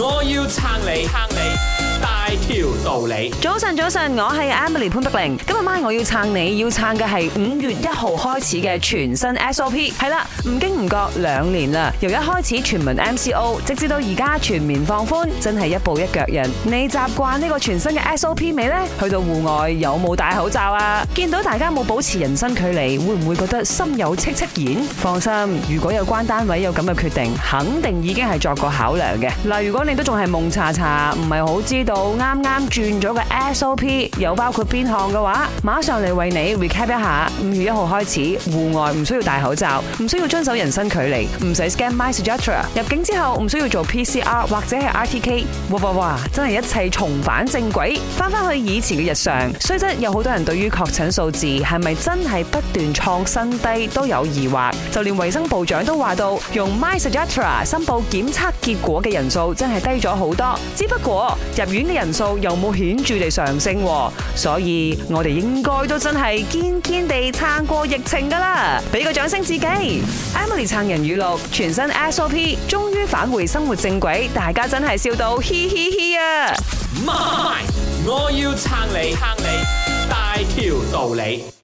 我，我要撐你撐你大條道理。早晨早晨，我係 Emily 潘德玲。今日晚我要撐你，要撐嘅係五月一號開始嘅全新 SOP。係啦，唔經唔覺兩年啦，由一開始全民 MCO，直至到而家全面放寬，真係一步一腳印。你習慣呢個全新嘅 SOP 未呢？去到戶外有冇戴口罩啊？見到大家冇保持人身距離，會唔會覺得心有戚戚焉？放心，如果有關單位有咁嘅決定，肯定已經係作過考量嘅。嗱，如果你都仲係蒙查查，唔係好知道。啱啱轉咗個 SOP，有包括邊項嘅話，馬上嚟為你 recap 一下。五月一號開始，戶外唔需要戴口罩，唔需要遵守人身距離，唔使 scan MySejahtera。Et 入境之後唔需要做 PCR 或者係 RTK。哇哇哇，真係一切重返正軌，翻翻去以前嘅日常。雖則真有好多人對於確診數字係咪真係不斷創新低都有疑惑，就連衛生部長都話到用，用 MySejahtera 申報檢測結果嘅人數真係。低咗好多，只不過入院嘅人數又冇顯著地上升，所以我哋應該都真係堅堅地撐過疫情噶啦，俾個掌聲自己。Emily 撐人語錄，全新 SOP，終於返回生活正軌，大家真係笑到嘻嘻嘻啊！媽咪，我要撐你，撐你，大條道理。